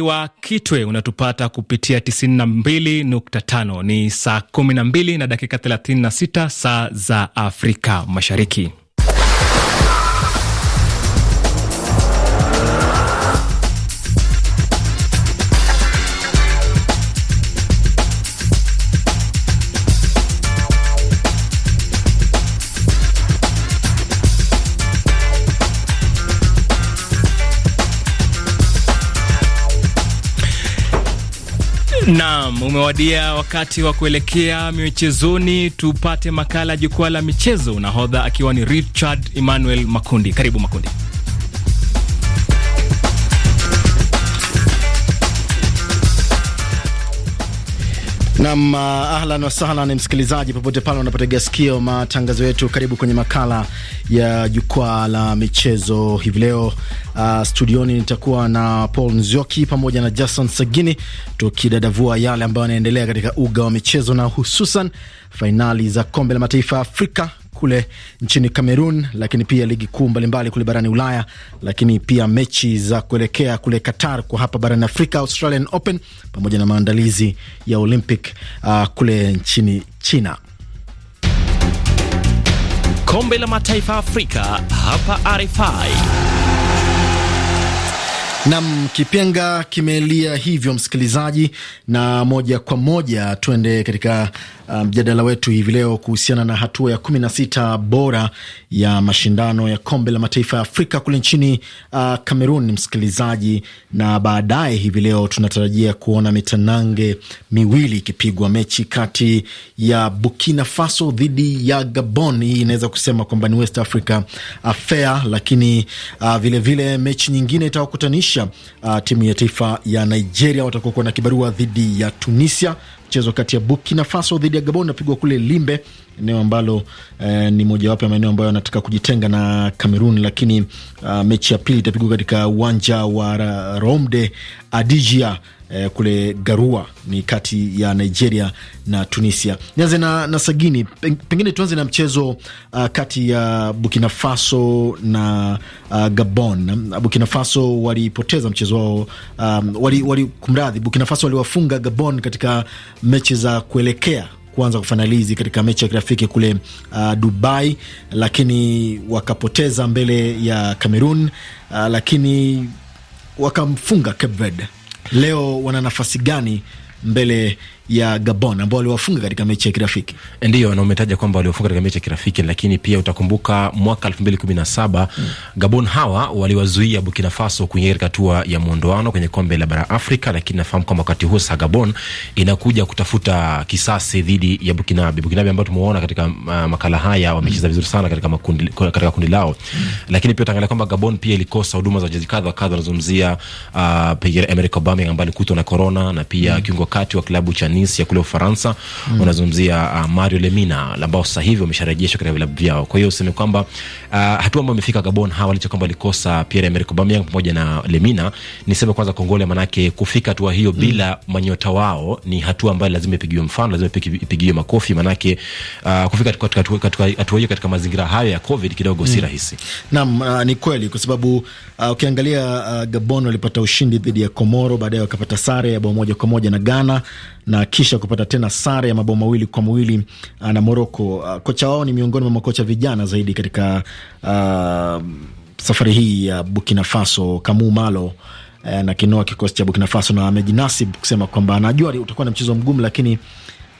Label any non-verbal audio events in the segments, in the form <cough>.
wa Kitwe unatupata kupitia 92.5. Ni saa 12 na dakika 36 saa za Afrika Mashariki. umewadia wakati wa kuelekea michezoni. Tupate makala ya jukwaa la michezo, nahodha akiwa ni Richard Emmanuel Makundi. Karibu Makundi. Nam, uh, ahlan wasahlan msikilizaji, popote pale unapotegea sikio matangazo yetu, karibu kwenye makala ya jukwaa la michezo hivi leo. Uh, studioni nitakuwa na Paul Nzioki pamoja na Jason Sagini tukidadavua yale ambayo yanaendelea katika uga wa michezo na hususan fainali za kombe la mataifa ya Afrika kule nchini Cameroon, lakini pia ligi kuu mbalimbali kule barani Ulaya, lakini pia mechi za kuelekea kule Qatar kwa hapa barani Afrika, Australian Open pamoja na maandalizi ya Olympic uh, kule nchini China. Kombe la Mataifa Afrika hapa RFI. Nam kipenga kimelia hivyo, msikilizaji, na moja kwa moja tuende katika uh, mjadala um, wetu hivi leo kuhusiana na hatua ya kumi na sita bora ya mashindano ya kombe la mataifa ya Afrika kule nchini Kamerun, uh, msikilizaji, na baadaye hivi leo tunatarajia kuona mitanange miwili ikipigwa, mechi kati ya Burkina Faso dhidi ya Gabon. Hii inaweza kusema kwamba ni West Africa affair, lakini vilevile uh, vile mechi nyingine itawakutanisha kuhakikisha uh, timu ya taifa ya Nigeria watakuwa na kibarua dhidi ya Tunisia. Mchezo kati ya Burkina Faso dhidi ya Gabon unapigwa kule Limbe, eneo ambalo eh, ni mojawapo ya maeneo ambayo yanataka kujitenga na Cameroon, lakini uh, mechi ya pili itapigwa katika uwanja wa Romde Adijia eh, kule Garua ni kati ya Nigeria na Tunisia. Nianze na, na Sagini, pengine tuanze na mchezo uh, kati ya Burkina Faso na uh, Gabon. Burkina Faso walipoteza mchezo wao um, wali, wali, kumradhi, Burkina Faso waliwafunga Gabon katika mechi za kuelekea kuanza kufanalizi katika mechi ya kirafiki kule uh, Dubai, lakini wakapoteza mbele ya Cameroon uh, lakini wakamfunga Cape Verde leo wana nafasi gani mbele ya Gabon ambao waliwafunga katika mechi ya kirafiki. Ndiyo, na umetaja kwamba waliwafunga katika mechi ya kirafiki, lakini pia utakumbuka mwaka elfu mbili kumi na saba mm. Gabon hawa waliwazuia Burkina Faso kuingia katika hatua ya mwondoano kwenye kombe la bara Afrika, lakini nafahamu kwamba wakati huo sasa Gabon inakuja kutafuta kisasi dhidi ya Bukinabe. Bukinabe ambao tumeona katika uh, makala haya wamecheza vizuri sana katika makundi, katika kundi lao mm. lakini pia utaangalia kwamba Gabon pia ilikosa huduma za wachezaji kadha kadha, wanazungumzia uh, Pierre Emerick Aubameyang ambaye alikutwa na korona na pia mm. kiungo kati wa klabu cha Nice ya kule Ufaransa mm. Unazungumzia uh, Mario Lemina ambao sasa hivi wamesharejeshwa katika vilabu vyao. Kwa hiyo useme kwamba uh, hatua ambayo imefika Gabon hawa licha kwamba walikosa Pierre Emerick Aubameyang pamoja na Lemina, niseme kwanza kongole, manake kufika hatua hiyo mm. bila manyota wao ni hatua ambayo lazima ipigiwe mfano, lazima ipigiwe makofi, manake uh, kufika katika hatua hiyo katika mazingira hayo ya COVID kidogo mm. si rahisi. Naam, uh, ni kweli kwa sababu Ah, ukiangalia uh, uh, Gabon walipata ushindi dhidi ya Komoro, baadaye wakapata sare ya bao moja kwa moja na Ghana na kisha kupata tena sare ya mabao mawili kwa mawili uh, na Moroko. Uh, kocha wao ni miongoni mwa makocha vijana zaidi katika uh, safari hii ya uh, Burkina Faso, Kamu Malo uh, na kinoa kikosi cha Burkina Faso na amejinasib kusema kwamba anajua utakuwa na mchezo mgumu, lakini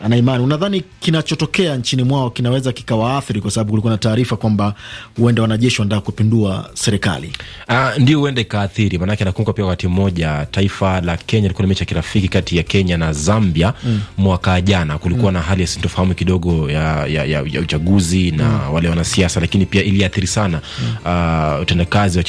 ana imani. Unadhani kinachotokea nchini mwao kinaweza kikawaathiri, kwa sababu kulikuwa na taarifa kwamba huenda wanajeshi wanataka kupindua serikali? Uh, ndio huenda ikaathiri, maanake nakumbuka pia wakati mmoja taifa la Kenya likuwa na mechi ya kirafiki kati ya Kenya na Zambia mm. mwaka jana kulikuwa mm. na hali ya sintofahamu kidogo ya, ya, ya, ya uchaguzi na mm. wale wanasiasa, lakini pia iliathiri sana mm. uh, utendakazi wa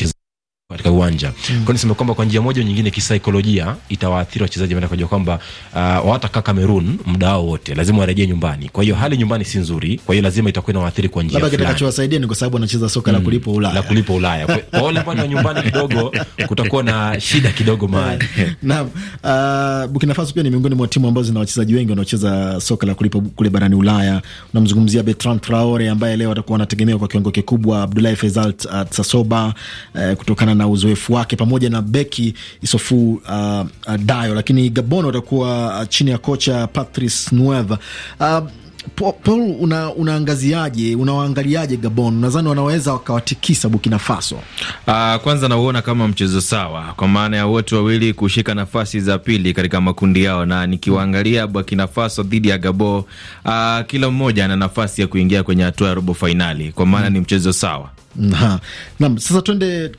katika uwanja mm. Kwa hiyo nisema kwamba kwa njia moja nyingine kisaikolojia itawaathiri wachezaji maana kujua kwamba uh, hawatakaa Cameroon muda wao wote, lazima warejee nyumbani. Kwa hiyo hali nyumbani si nzuri, kwa hiyo lazima itakuwa inawaathiri kwa njia fulani. Labda kitakachowasaidia ni kwa sababu wanacheza soka mm. la kulipo Ulaya, la kulipo Ulaya. Kwa wale ambao ni nyumbani kidogo kutakuwa na shida kidogo mahali. Naam. Uh, Burkina Faso pia ni miongoni mwa timu ambazo zina wachezaji wengi wanaocheza soka la kulipo kule barani Ulaya. Unamzungumzia Bertrand Traore ambaye leo atakuwa anategemewa kwa kiwango kikubwa, Abdoulaye uh, Tsasoba uh, kutokana na na uzoefu wake pamoja na beki Isofu uh, uh, Dayo, lakini Gabon watakuwa uh, chini ya kocha Patrice Nueva uh, Paul, una, unaangaziaje, unawaangaliaje Gabon? Nadhani wanaweza wakawatikisa Burkina Faso. Uh, kwanza nauona kama mchezo sawa, kwa maana ya wote wawili kushika nafasi za pili katika makundi yao, na nikiwaangalia Burkina Faso dhidi ya Gabon, uh, kila mmoja ana nafasi ya kuingia kwenye hatua ya robo fainali, kwa maana hmm, ni mchezo sawa Naam, sasa twende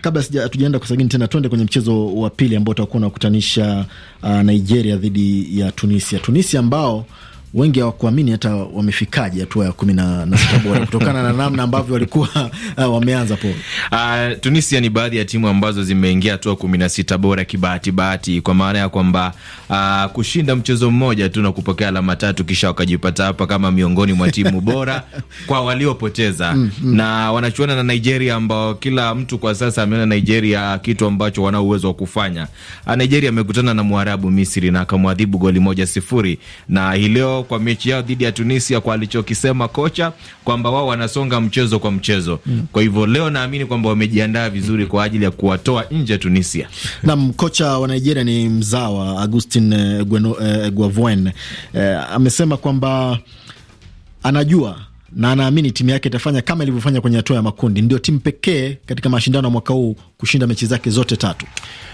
kabla hatujaenda kwa sagini tena, twende kwenye mchezo wa pili ambao utakuwa unakutanisha uh, ah, Nigeria dhidi ya Tunisia. Tunisia ambao wengi hawakuamini hata wamefikaje hatua ya kumi na sita bora <laughs> kutokana na namna ambavyo walikuwa uh, wameanza po. Uh, Tunisia ni baadhi ya timu ambazo zimeingia hatua kumi na sita bora kibahatibahati, kwa maana ya kwamba uh, kushinda mchezo mmoja tu na kupokea alama tatu, kisha wakajipata hapa kama miongoni mwa timu <laughs> bora kwa waliopoteza mm, mm. na wanachuana na Nigeria ambao kila mtu kwa sasa ameona Nigeria kitu ambacho wana uwezo wa kufanya. Uh, Nigeria amekutana na Mwarabu Misri na akamwadhibu goli moja sifuri na hii leo yao kwa mechi yao dhidi ya Tunisia kwa alichokisema kocha kwamba wao wanasonga mchezo kwa mchezo mm. Kwa hivyo leo naamini kwamba wamejiandaa vizuri kwa ajili ya kuwatoa nje Tunisia. nam kocha wa Nigeria ni mzawa Agustin eh, Eguavoen eh, eh, amesema kwamba anajua na anaamini timu yake itafanya kama ilivyofanya kwenye hatua ya makundi. Ndio timu pekee katika mashindano ya mwaka huu kushinda mechi zake zote tatu.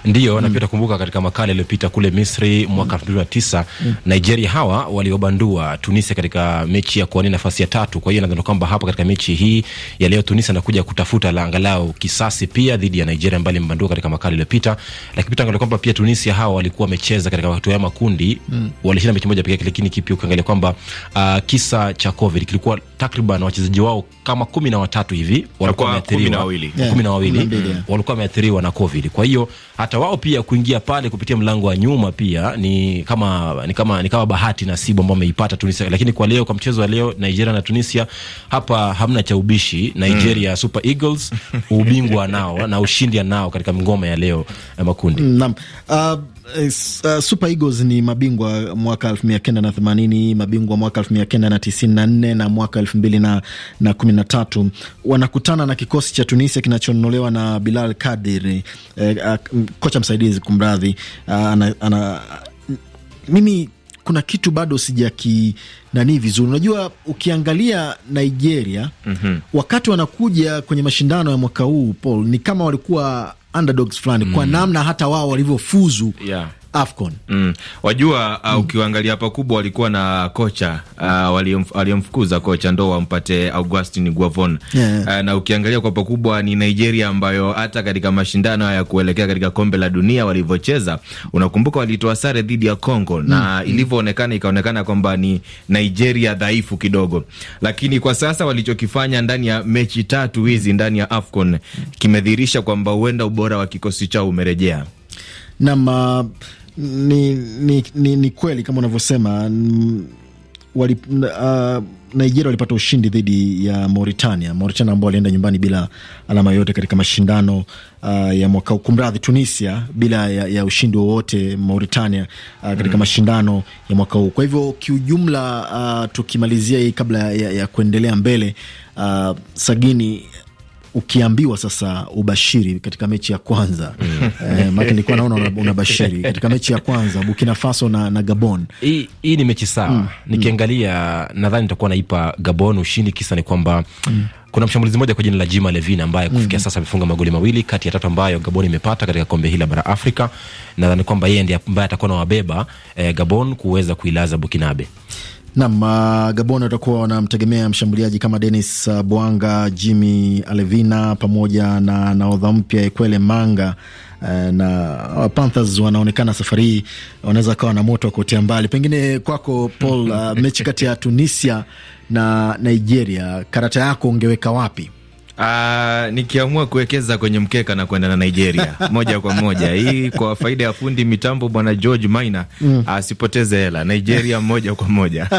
Ndio mm. na pia mm. utakumbuka katika makala iliyopita kule Misri mwaka mm. elfu mbili na tisa mm. Nigeria hawa waliobandua Tunisia katika mechi ya kuwania nafasi ya tatu. Kwa hiyo nadhani kwamba hapa katika mechi hii ya leo Tunisia anakuja kutafuta la angalau kisasi pia dhidi ya Nigeria ambayo imebandua katika makala iliyopita, lakini pia angalia kwamba pia Tunisia hawa walikuwa wamecheza katika hatua ya makundi mm. walishinda mechi moja pekee lakini kipi ukiangalia kwamba uh, kisa cha COVID kilikuwa takriban wachezaji wao kama kumi na watatu hivi walikuwa wameathiriwa kumi na wawili walikuwa wameathiriwa na Covid. Kwa hiyo hata wao pia kuingia pale kupitia mlango wa nyuma pia ni kama ni kama ni kama bahati nasibu ambao ameipata Tunisia. Lakini kwa leo, kwa mchezo wa leo Nigeria na Tunisia, hapa hamna cha ubishi. Nigeria mm. Super Eagles ubingwa nao na ushindi nao katika ngoma ya leo ya makundi. Naam. Uh, Eh, uh, Super Eagles ni mabingwa mwaka elfu mia kenda na themanini mabingwa mwaka elfu mia kenda na tisini na nne na mwaka elfu mbili na, na kumi na tatu wanakutana na kikosi cha Tunisia kinachonolewa na Bilal Kadiri eh, uh, kocha msaidizi kumradhi, uh, ana, ana, mimi kuna kitu bado sijaki nani vizuri. Unajua, ukiangalia Nigeria mm -hmm. wakati wanakuja kwenye mashindano ya mwaka huu Paul, ni kama walikuwa underdogs fulani mm. kwa namna hata wao walivyofuzu yeah. AFCON. Mm. Wajua uh, mm. ukiwaangalia pakubwa walikuwa na kocha uh, waliomfukuza kocha ndo wampate Augustin Guavon. yeah, yeah. Uh, na ukiangalia kwa pakubwa ni Nigeria ambayo hata katika mashindano ya kuelekea katika kombe la dunia walivyocheza, unakumbuka walitoa sare dhidi ya Congo mm. na mm. ilivyoonekana ikaonekana kwamba ni Nigeria dhaifu kidogo, lakini kwa sasa walichokifanya ndani ya mechi tatu hizi ndani ya AFCON kimedhihirisha kwamba huenda ubora wa kikosi chao umerejea. Nam uh, ni, ni, ni, ni kweli kama unavyosema wali, uh, Nigeria walipata ushindi dhidi ya Mauritania. Mauritania ambao walienda nyumbani bila alama yoyote katika mashindano uh, ya mwaka huu, kumradhi, Tunisia bila ya, ya ushindi wowote Mauritania uh, katika mm. mashindano ya mwaka huu. Kwa hivyo kiujumla, uh, tukimalizia hii kabla ya, ya kuendelea mbele uh, Sagini ukiambiwa sasa ubashiri katika mechi ya kwanza mm. Eh, nilikuwa naona <laughs> unabashiri katika mechi ya kwanza Burkina Faso na, na Gabon. Hii ni mechi sawa mm. Nikiangalia nadhani nitakuwa naipa Gabon ushindi, kisa ni kwamba mm kuna mshambulizi mmoja kwa jina la Jima Levin ambaye kufikia mm. sasa amefunga magoli mawili kati ya tatu ambayo Gabon imepata katika kombe hili la bara Afrika. Nadhani kwamba yeye ndiye ambaye atakuwa na wabeba eh, Gabon kuweza kuilaza Bukinabe. Nam uh, Gabon watakuwa wanamtegemea mshambuliaji kama Denis uh, Bwanga, Jimi Alevina pamoja na naodha mpya Ekwele Manga uh, na Panthers wanaonekana safari hii wanaweza kawa na moto wa mbali. Pengine kwako Paul, mechi kati ya Tunisia na Nigeria, karata yako ungeweka wapi? Uh, nikiamua kuwekeza kwenye mkeka na kwenda na Nigeria <laughs> moja kwa moja, hii kwa faida ya fundi mitambo bwana George Maina mm. Ah, asipoteze mm. hela Nigeria <laughs> moja kwa moja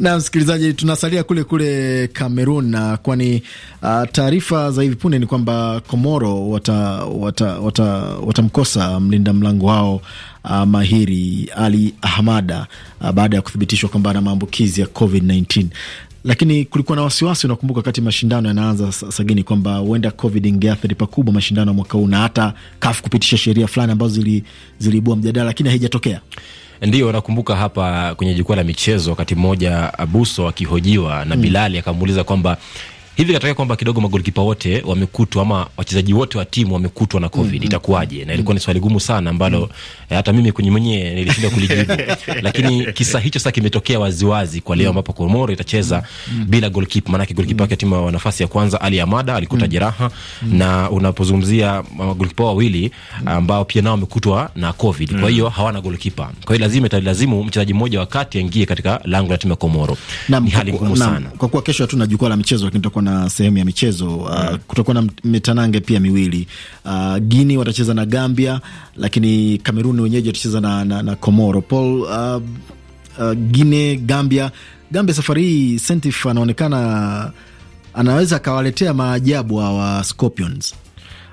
na msikilizaji, tunasalia kule kule Cameroon na kwani uh, taarifa za hivi punde ni kwamba Komoro watamkosa wata, wata, wata mlinda mlango wao uh, mahiri Ali Ahmada uh, baada ya kuthibitishwa kwamba ana maambukizi ya COVID-19. Lakini kulikuwa na wasiwasi, unakumbuka, wakati mashindano yanaanza sagini, kwamba huenda COVID ingeathiri pakubwa mashindano ya mwaka huu na hata kaf kupitisha sheria fulani ambazo ziliibua mjadala, lakini haijatokea. Ndio, nakumbuka hapa kwenye jukwaa la michezo, wakati mmoja Abuso akihojiwa na mm. Bilali akamuuliza kwamba hivi katokea kwamba kidogo magolikipa wote wamekutwa ama wachezaji wote wa timu wamekutwa na covid mm -hmm. itakuwaje? Na ilikuwa ni mm-hmm. swali gumu sana ambalo mm -hmm. hata mimi kwenye mwenyewe nilishinda kulijibu <laughs> lakini kisa hicho sasa kimetokea waziwazi kwa leo mm-hmm. ambapo Komoro itacheza mm -hmm. bila golkipa, maanake golikipa mm-hmm. wake timu wa nafasi ya kwanza Ali Amada alikuta mm -hmm. jeraha mm -hmm. na unapozungumzia magolikipa uh, wawili ambao pia nao wamekutwa na covid kwa hiyo hawana golikipa kwa hiyo lazima italazimu mchezaji mmoja wakati aingie katika lango la timu ya Komoro. Ni hali ngumu sana kwa kuwa kesho hatuna jukwaa la michezo, lakini tutakuwa na na sehemu ya michezo uh, yeah. Kutakuwa na mitanange pia miwili uh, Guini watacheza na Gambia, lakini Kamerun wenyeji watacheza na, na, na Komoro. Paul, uh, uh, Guine Gambia. Gambia safari hii Sentif anaonekana anaweza akawaletea maajabu hawa Scorpions.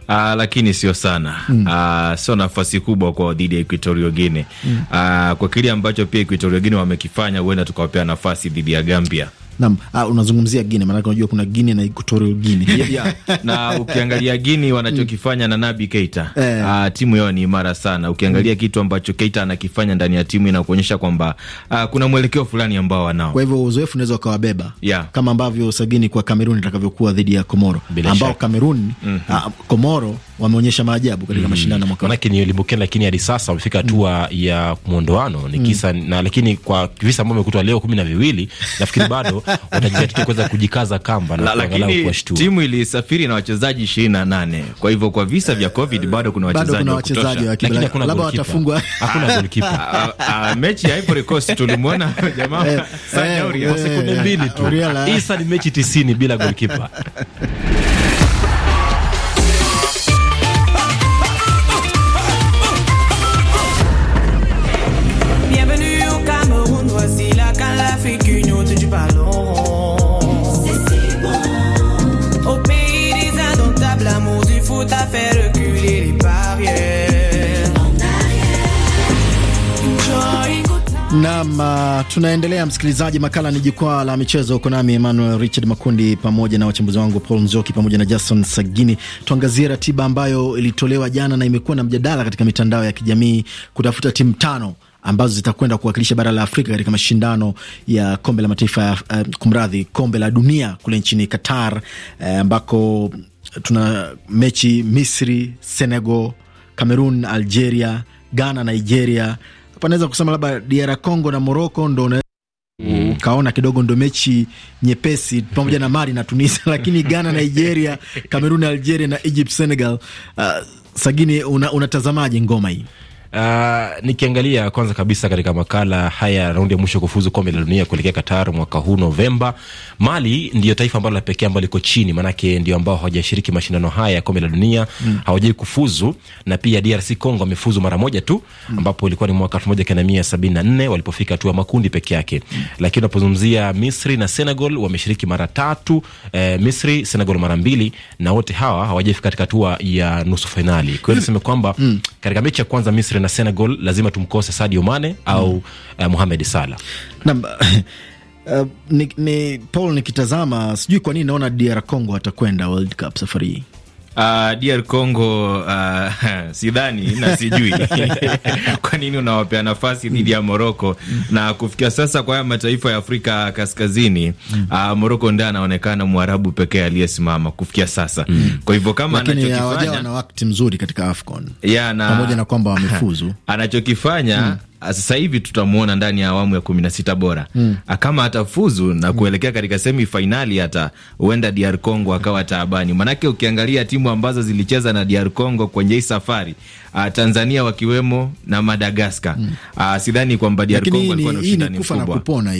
Uh, lakini sio sana mm. Uh, sio nafasi kubwa kwa dhidi ya Equatorial Guinea mm. Uh, kwa kile ambacho pia Equatorial Guinea wamekifanya, huenda tukawapea nafasi dhidi ya Gambia Naam, ah, unazungumzia Guinea, maanake unajua kuna Guinea na Equatorial Guinea. <laughs> Yeah, yeah. na ukiangalia Guinea wanachokifanya na Nabi Keita eh, uh, timu yao ni imara sana. Ukiangalia mm, kitu ambacho Keita anakifanya ndani ya timu inakuonyesha kwamba uh, kuna mwelekeo fulani ambao wanao, kwa hivyo uzoefu unaweza ukawabeba, yeah, kama ambavyo sagini kwa Kamerun itakavyokuwa dhidi ya Komoro Bile ambao Kamerun mm -hmm. uh, Komoro wameonyesha maajabu katika mm mashindano mwaka huu. Lakini limbukeni, lakini hadi sasa wamefika mm. hatua mm ya mwondoano ni kisa mm na lakini kwa visa ambavyo wamekutwa leo kumi na viwili <laughs> nafikiri bado watajitahidi kuweza kujikaza kamba na lakini timu ilisafiri na wachezaji 28 kwa hivyo kwa visa vya covid eh, bado kuna wachezaji wa kutosha, lakini hakuna labda watafungwa, hakuna <laughs> goalkeeper. Ah, ah, ah, mechi ya Ivory Coast tulimwona <laughs> eh, jamaa eh, sekunde mbili tu, hii ni mechi 90 bila goalkeeper. <laughs> Tunaendelea msikilizaji, makala ni jukwaa la michezo. Uko nami Emmanuel Richard Makundi pamoja na wachambuzi wangu Paul Nzoki pamoja na Jason Sagini. Tuangazie ratiba ambayo ilitolewa jana na imekuwa na mjadala katika mitandao ya kijamii kutafuta timu tano ambazo zitakwenda kuwakilisha bara la Afrika katika mashindano ya kombe la mataifa uh, kumradhi, kombe la dunia kule nchini Qatar eh, ambako tuna mechi Misri, Senegal, Cameroon, Algeria, Ghana, Nigeria panaweza kusema labda DR Congo na Morocco ndo una Mm. Kaona kidogo ndo mechi nyepesi pamoja na Mali na Tunisia, <laughs> lakini Ghana, Nigeria, Kamerun, Algeria na Egypt, Senegal. Uh, Sagini, unatazamaje una ngoma hii? Uh, nikiangalia kwanza kabisa katika makala haya raundi ya mwisho kufuzu kombe la dunia kuelekea Qatar mwaka huu Novemba, Mali ndiyo taifa ambalo la pekee ambalo liko chini, maanake ndio ambao hawajashiriki mashindano haya ya kombe la dunia mm. hawajai kufuzu, na pia DRC Congo wamefuzu mara moja tu mm. ambapo ilikuwa ni mwaka elfu moja kenda mia sabini na nne walipofika hatua makundi peke yake mm. lakini unapozungumzia Misri na Senegal wameshiriki mara tatu eh, Misri Senegal mara mbili, na wote hawa hawajafika katika hatua ya nusu fainali. Kwa hiyo mm. niseme kwamba mm katika mechi ya kwanza Misri na Senegal lazima tumkose Sadio Mane au mm. uh, Mohamed Salah na Uh, eh, eh, ni, ni Paul nikitazama sijui kwa nini naona DR Congo atakwenda World Cup safari hii. Uh, ah, DR Congo uh, <laughs> sidhani na sijui <laughs> kwa nini unawapea nafasi dhidi ya Moroko na kufikia sasa kwa haya mataifa ya Afrika Kaskazini uh, mm. ah, Moroko ndiye anaonekana Mwarabu pekee aliyesimama kufikia sasa mm. Kwa hivyo kama anachokifanya na wakati mzuri katika AFCON yeah, na, pamoja na kwamba wamefuzu <laughs> anachokifanya mm sasa hivi tutamwona ndani ya awamu ya kumi na sita bora mm. Kama atafuzu na hmm. kuelekea katika semi fainali, hata huenda DR Congo akawa taabani, manake ukiangalia timu ambazo zilicheza na DR Congo kwenye hii safari uh, Tanzania wakiwemo na Madagaskar mm. Ah, sidhani kwamba DR Congo alikuwa na ushindani mkubwa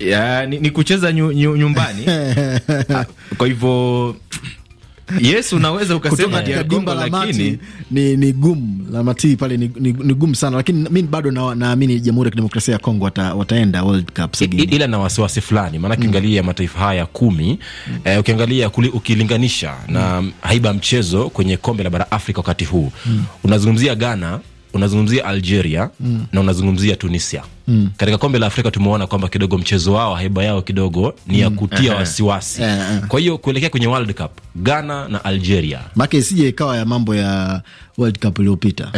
ya, ni, ni kucheza nyu, nyu, nyumbani <laughs> ah, kwa hivyo Yes, unaweza ukasema katika gumba la mati ni, ni gumu la mati pale ni, ni, ni gumu sana, lakini mi bado naamini na Jamhuri ya Kidemokrasia ya Kongo wata, wataenda World Cup sagini, ila na wasiwasi fulani maana kiangalia mm. mataifa haya kumi mm. eh, ukiangalia ukilinganisha mm. na haiba mchezo kwenye kombe la bara Afrika wakati huu mm. unazungumzia Ghana unazungumzia Algeria mm. na unazungumzia Tunisia mm. Katika kombe la Afrika tumeona kwamba kidogo mchezo wao haiba yao kidogo ni ya mm. kutia wasiwasi. Kwa hiyo kuelekea kwenye World Cup, Ghana na Algeria make isije ikawa ya mambo ya World Cup iliyopita.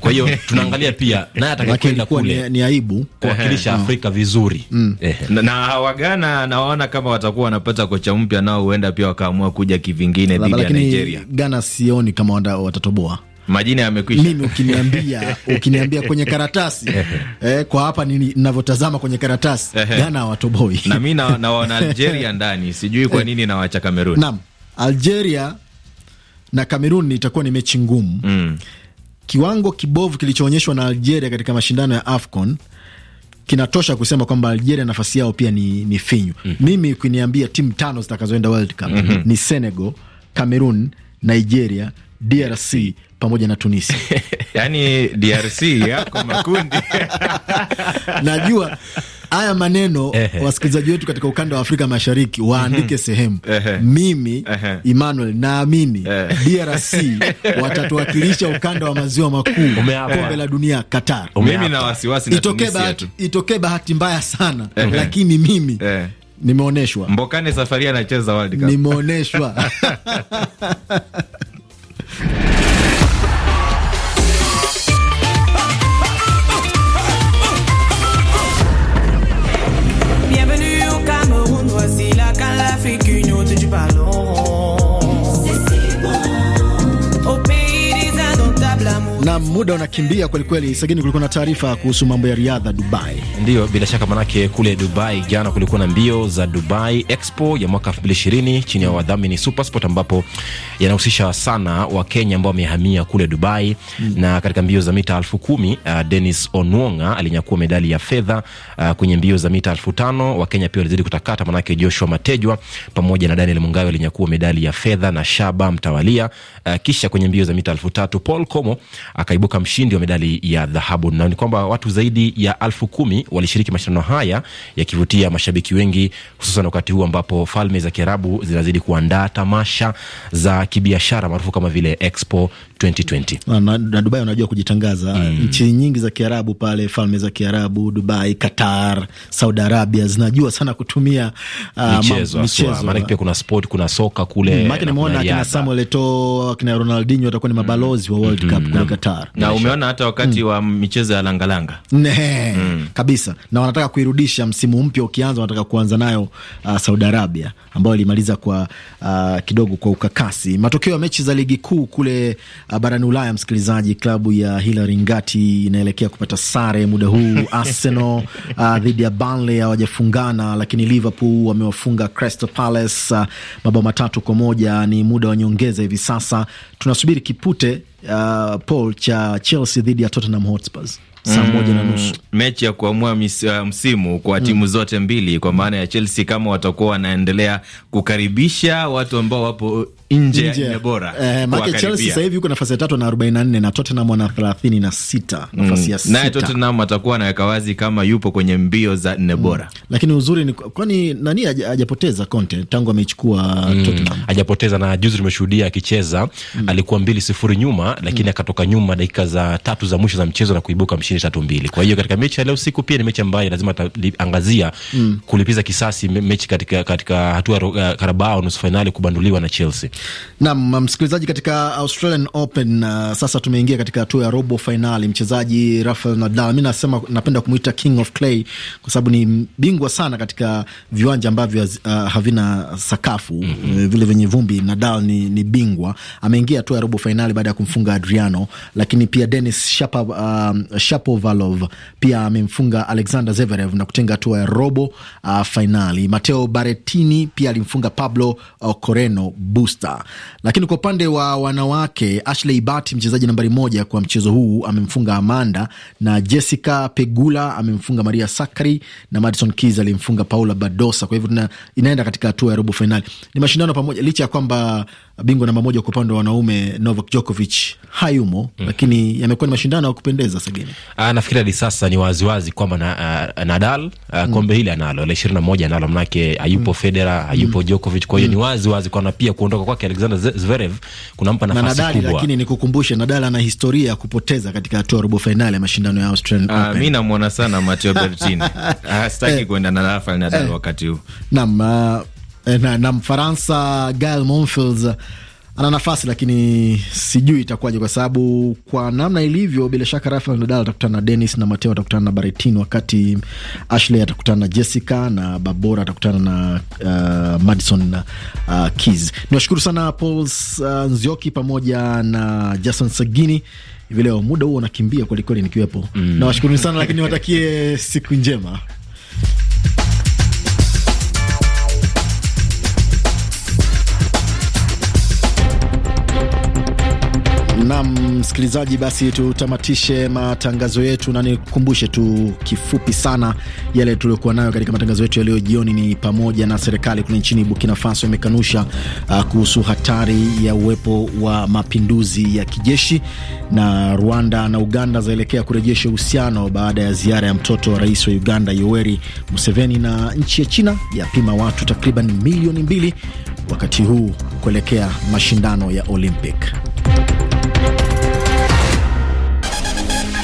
Kwa hiyo <laughs> tunaangalia pia naye atakaenda kule ni aibu kuwakilisha Afrika vizuri mm. na, na Waghana nawaona kama watakuwa wanapata kocha mpya, nao huenda pia wakaamua kuja kivingine dhidi ya Nigeria. Ghana sioni kama watatoboa majina yamekwisha. Mimi ukiniambia <laughs> ukiniambia kwenye karatasi eh, kwa hapa ninavyotazama kwenye karatasi Ghana hawatoboi na mimi na, <laughs> na wana Algeria ndani, sijui kwa eh. nini nawacha Kamerun. Naam, Algeria na Kamerun itakuwa ni mechi ngumu mm. Kiwango kibovu kilichoonyeshwa na Algeria katika mashindano ya AFCON kinatosha kusema kwamba Algeria nafasi yao pia ni, ni finyu mm -hmm. Mimi ukiniambia timu tano zitakazoenda World Cup mm -hmm. ni Senegal, Cameroon, Nigeria, DRC pamoja na Tunisia. <laughs> Yani DRC yako makundi <laughs> najua haya maneno wasikilizaji wetu katika ukanda wa Afrika Mashariki waandike mhm. sehemu. Mimi Emmanuel naamini DRC <laughs> watatuwakilisha ukanda wa maziwa makuu, kombe la dunia Qatar. Mimi na wasiwasi itokee bahati, itokee bahati mbaya sana lakini mimi nimeoneshwa Mbokane safari anacheza World Cup, nimeoneshwa Na muda unakimbia kwelikweli. Sagini, kulikuwa na taarifa kuhusu mambo ya riadha Dubai. Ndio, bila shaka, manake kule Dubai jana kulikuwa na mbio za Dubai Expo ya mwaka 2020 chini ya wadhamini Supersport, ambapo yanahusisha sana Wakenya ambao wamehamia kule Dubai mm. Na katika mbio za mita elfu kumi uh, Dennis Onwonga alinyakua medali ya fedha uh, kwenye mbio za mita elfu tano Wakenya pia walizidi kutakata, manake Joshua Matejwa pamoja na Daniel Mungayo alinyakua medali ya fedha na Shaba mtawalia. Uh, kisha kwenye mbio za mita elfu tatu Paul Komo akaibuka mshindi wa medali ya dhahabu, na ni kwamba watu zaidi ya elfu kumi walishiriki mashindano haya yakivutia mashabiki wengi, hususan wakati huu ambapo Falme za Kiarabu zinazidi kuandaa tamasha za kibiashara maarufu kama vile Expo 2020 na, na, Dubai unajua kujitangaza mm. Nchi nyingi za Kiarabu pale Falme za Kiarabu, Dubai, Qatar, Saudi Arabia zinajua sana kutumia uh, michezo, michezo. Maanake pia kuna sport, kuna soka kule. Mm, Maanake nimeona akina Samuel Eto'o, akina Ronaldinho watakuwa ni mabalozi wa World mm-hmm. Cup kule Qatar. Qatar. Na umeona hata wakati mm. wa michezo ya langalanga mm. kabisa, na wanataka kuirudisha msimu mpya ukianza, wanataka kuanza nayo uh, Saudi Arabia ambayo ilimaliza kwa uh, kidogo kwa ukakasi. Matokeo ya mechi za ligi kuu kule uh, barani Ulaya, msikilizaji, klabu ya Hilary Ngati inaelekea kupata sare muda huu <laughs> Arsenal uh, dhidi ya Burnley hawajafungana, lakini Liverpool wamewafunga Crystal Palace uh, mabao matatu kwa moja. Ni muda wa nyongeza hivi sasa, tunasubiri kipute uh, Paul cha Chelsea dhidi ya Tottenham Hotspurs saa mm, moja na nusu mm, mechi ya kuamua uh, msimu kwa timu mm, zote mbili, kwa maana ya Chelsea kama watakuwa wanaendelea kukaribisha watu ambao wapo nje ya nne bora. Eh, maana Chelsea sasa hivi yuko nafasi ya tatu na 44 na Tottenham ana 36, mm. nafasi ya sita. Naye Tottenham atakuwa anaweka wazi kama yupo kwenye mbio za nne mm. bora. mm. Lakini uzuri ni kwani nani hajapoteza Conte tangu amechukua mm. Tottenham. Hajapoteza na juzi tumeshuhudia akicheza, mm. alikuwa 2-0 nyuma lakini mm. akatoka nyuma dakika za tatu za mwisho za mchezo na kuibuka mshindi 3-2. Kwa hiyo katika mechi ya leo siku pia ni mechi ambayo lazima angazia mm. kulipiza kisasi mechi katika katika hatua Carabao nusu finali kubanduliwa na Chelsea. Nam msikilizaji, katika Australian Open uh, sasa tumeingia katika hatua ya robo fainali. Mchezaji Rafael Nadal, mi nasema napenda kumwita King of Clay kwa sababu ni bingwa sana katika viwanja ambavyo uh, havina sakafu mm -hmm. vile vyenye vumbi. Nadal ni, ni bingwa, ameingia hatua ya robo fainali baada ya kumfunga Adriano, lakini pia Denis Shapo, uh, um, Shapovalov pia amemfunga Alexander Zverev na kutenga hatua ya robo uh, fainali. Mateo Baretini pia alimfunga Pablo uh, Coreno Busta Leicester. Lakini kwa upande wa wanawake, Ashley Barty, mchezaji nambari moja kwa mchezo huu, amemfunga Amanda na Jessica Pegula amemfunga Maria Sakkari na Madison Keys alimfunga Paula Badosa. Kwa hivyo inaenda katika hatua ya robo fainali. Ni mashindano pamoja, licha ya kwamba bingwa namba moja kwa upande wa wanaume Novak Djokovic hayumo mm -hmm. Lakini yamekuwa ni mashindano ya kupendeza sagini. Sageni. Ah, nafikiri hadi sasa ni waziwazi kwamba na, uh, Nadal uh, kombe hili analo la ishirini na moja analo manake hayupo mm. Federa hayupo mm. Djokovic kwa hiyo mm. ni waziwazi kwamba pia kuondoka kwake Alexander Zverev kunampa nafasi na kubwa. Lakini nikukumbushe Nadal ana historia ya kupoteza katika hatua robo fainali ya mashindano ya Australian Open. Uh, mimi namwona sana Matteo Berrettini. <laughs> Sitaki eh. kuenda na Rafael Nadal eh. wakati huu. nam uh, Eh, na, na Mfaransa Gael Monfils ana nafasi lakini sijui itakuwaje, kwa sababu kwa namna ilivyo, bila shaka Rafael Nadal atakutana na Denis na Mateo atakutana na Baretin, wakati Ashley atakutana na Jessica na Babora atakutana na uh, Madison uh, Keys. Niwashukuru sana Paul uh, Nzioki pamoja na Jason Sagini hivi leo. Muda huo unakimbia kwelikweli nikiwepo mm. Nawashukuruni sana lakini <laughs> watakie siku njema. Nam msikilizaji, basi tutamatishe matangazo yetu na nikukumbushe tu kifupi sana yale tuliokuwa nayo katika matangazo yetu ya leo jioni. Ni pamoja na serikali kule nchini Burkina Faso imekanusha uh, kuhusu hatari ya uwepo wa mapinduzi ya kijeshi, na Rwanda na Uganda zaelekea kurejesha uhusiano baada ya ziara ya mtoto wa rais wa Uganda Yoweri Museveni, na nchi ya China yapima watu takriban milioni mbili wakati huu kuelekea mashindano ya Olympic.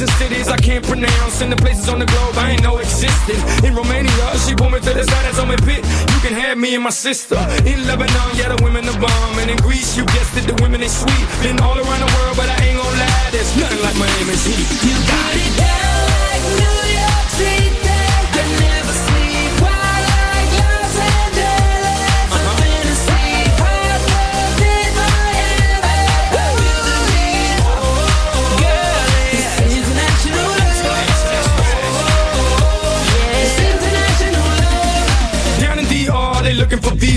In and cities I can't pronounce, and the places on the globe I ain't know existed. In Romania, she pulled me to the side that's on my "Pit, you can have me and my sister." In Lebanon, yeah, the women are bomb, and in Greece, you guessed it, the women is sweet. Been all around the world, but I ain't gonna lie, there's nothing like Miami's heat. You got it down like New York City.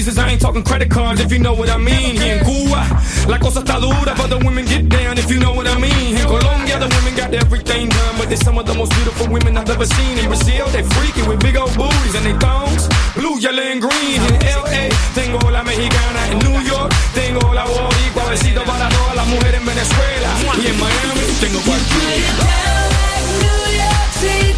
pieces, I ain't talking credit cards if you know what I mean. Here in Cuba, la cosa está dura, but the women get down if you know what I mean. In Colombia, the women got everything done, but they're some of the most beautiful women I've ever seen. In Brazil, they freaky with big old booties and they thongs, blue, yellow, and green. In LA, tengo la mexicana. In New York, tengo la boricua, besito para todas las mujeres en Venezuela. Y en Miami, tengo cualquiera. New York City.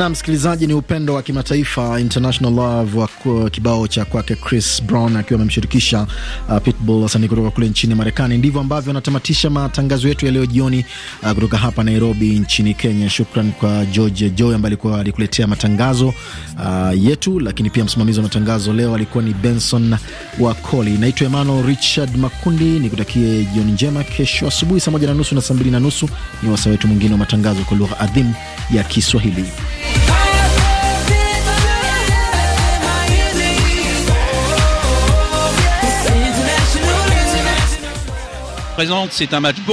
na msikilizaji, ni upendo wa kimataifa international love wa kibao cha kwake Chris Brown akiwa amemshirikisha uh, Pitbull, wasanii kutoka kule nchini Marekani. Ndivyo ambavyo anatamatisha matangazo yetu ya leo jioni, uh, kutoka hapa Nairobi nchini Kenya. Shukran kwa George Joy ambaye alikuwa alikuletea matangazo uh, yetu, lakini pia msimamizi wa matangazo leo alikuwa ni Benson Wakoli. Naitwa Emmanuel Richard Makundi, nikutakie jioni njema. Kesho asubuhi saa moja na nusu na saa mbili na nusu ni wasaa wetu mwingine wa matangazo kwa lugha adhimu ya Kiswahili. C'est un match